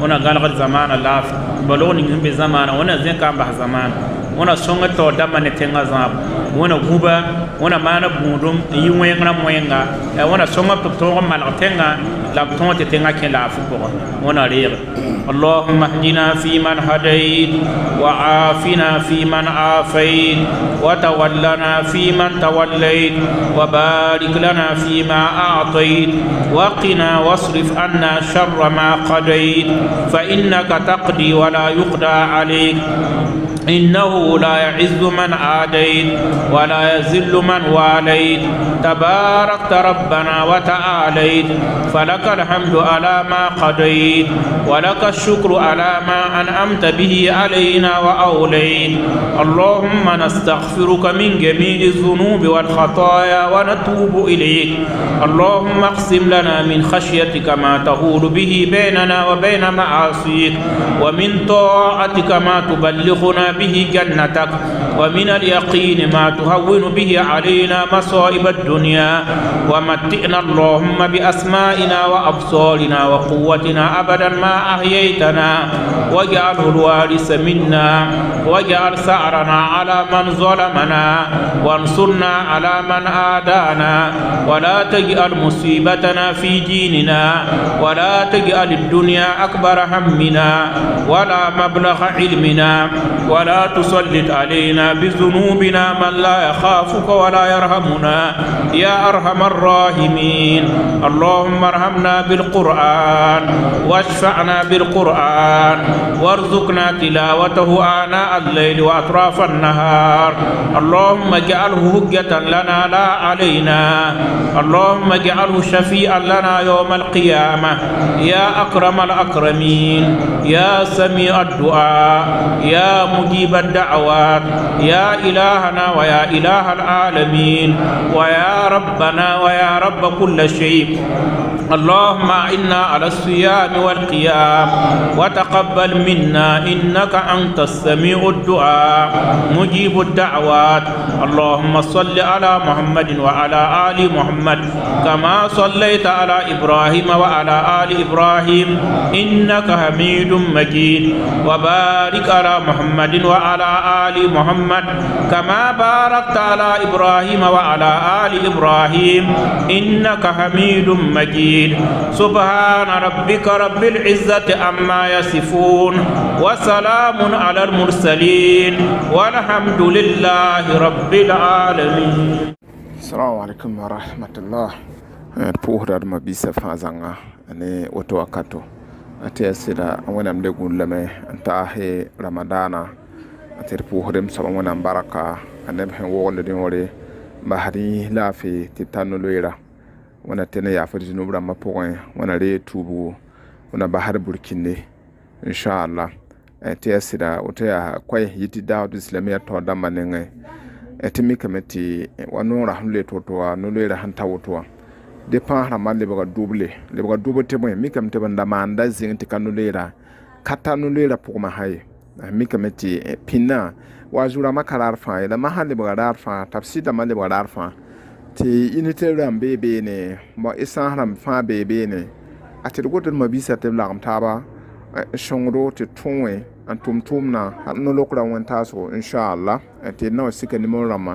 هنا قال غير زمان الله بلوني هم بزمان هنا زين كان به زمان wana songa to dama ne tẽngã zãab wana gũba wana mana bundum maana bũudum moyenga wana songa to to sõng tɩ tenga la to te tẽngã ke la wana Allahumma hdina fi man tẽngã wa afina fi man reege wa tawallana fi man وعافنا wa barik lana fi ma وبارك wa qina wasrif anna sharra ma شر fa innaka taqdi wa la yuqda عليك إنه لا يعز من عاديت ولا يذل من واليت تباركت ربنا وتعاليت فلك الحمد على ما قضيت ولك الشكر على ما أنعمت به علينا وأوليت اللهم نستغفرك من جميع الذنوب والخطايا ونتوب إليك اللهم اقسم لنا من خشيتك ما تهول به بيننا وبين معاصيك ومن طاعتك ما تبلغنا به جنة جنتك ومن اليقين ما تهون به علينا مصائب الدنيا ومتئنا اللهم بأسمائنا وأبصارنا وقوتنا أبدا ما أحييتنا واجعل الوارث منا واجعل سعرنا على من ظلمنا وانصرنا على من آدانا ولا تجعل مصيبتنا في ديننا ولا تجعل الدنيا أكبر همنا ولا مبلغ علمنا ولا تصل تسلط علينا بذنوبنا من لا يخافك ولا يرحمنا يا أرحم الراحمين اللهم ارحمنا بالقرآن واشفعنا بالقرآن وارزقنا تلاوته آناء الليل وأطراف النهار اللهم اجعله هجة لنا لا علينا اللهم اجعله شفيئا لنا يوم القيامة يا أكرم الأكرمين يا سميع الدعاء يا مجيب الدعوة الدعوات يا إلهنا ويا إله العالمين ويا ربنا ويا رب كل شيء اللهم إنا على الصيام والقيام وتقبل منا إنك أنت السميع الدعاء مجيب الدعوات اللهم صل على محمد وعلى آل محمد كما صليت على إبراهيم وعلى آل إبراهيم إنك حميد مجيد وبارك على محمد وعلى آل محمد كما باركت على إبراهيم وعلى آل إبراهيم إنك حميد مجيد سبحان ربك رب العزة عما يصفون وسلام على المرسلين والحمد لله رب العالمين السلام عليكم ورحمة الله puusdadmã bisa fãa zãnga ne woto wakato a tɩ yaa sɩda wẽnnaam le gũn lame n taas ramadaana tɩ tir puusdem sõma wẽnnaam barka a neb sẽn wogld yõore basd yĩs laafɩ tɩ b tar no-loeera wẽna tɩ na yaa fo zĩ-noob rãmbã pʋgẽ wẽna ree tuubgo wẽna basd burkinde inchallah tɩ yaa sɩda woto yaa koɛ yɩ tɩ daawat islam yaa tao dãmbã nengẽ tɩ mikame tɩ wa noorã sẽn le to-to wa no-loeera sẽn ta woto wa dɩ pãas rãmbã lebga doble lebga dob tɩ bõe mikame tɩ bõe da maanda zĩng tɩ ka no-loeera ka ta no-loeerã pʋgmã sã ye Eh, mika me tɩ pĩndã wa zu rãmbã ka raar fãa yela masã lebga raar fãa t'a b sɩd dãmbã lebga raar fãa tɩ unité rãmb bee beene bõ y sãas rãmb fãa bee beene a tɩ d goto d mabisa tɩ b lagem taaba sõngdo tɩ tõe n tʋm tʋʋmdã nolokra wẽntaasgo inchallah tɩ d na wa sika nimero rãmbã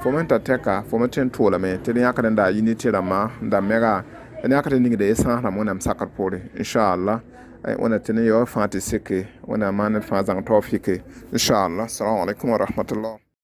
fo me n ta tɛka fo me tɩ n tʋʋlame tɩ d yãkd n daa unité rãmbã n da mɛga d yãkd n ningda y sãas rãmb wẽnnaam sakd poore inchallah wana tini yo fati sike wana mani fa zang tofike inshallah assalamu alaikum wa rahmatullah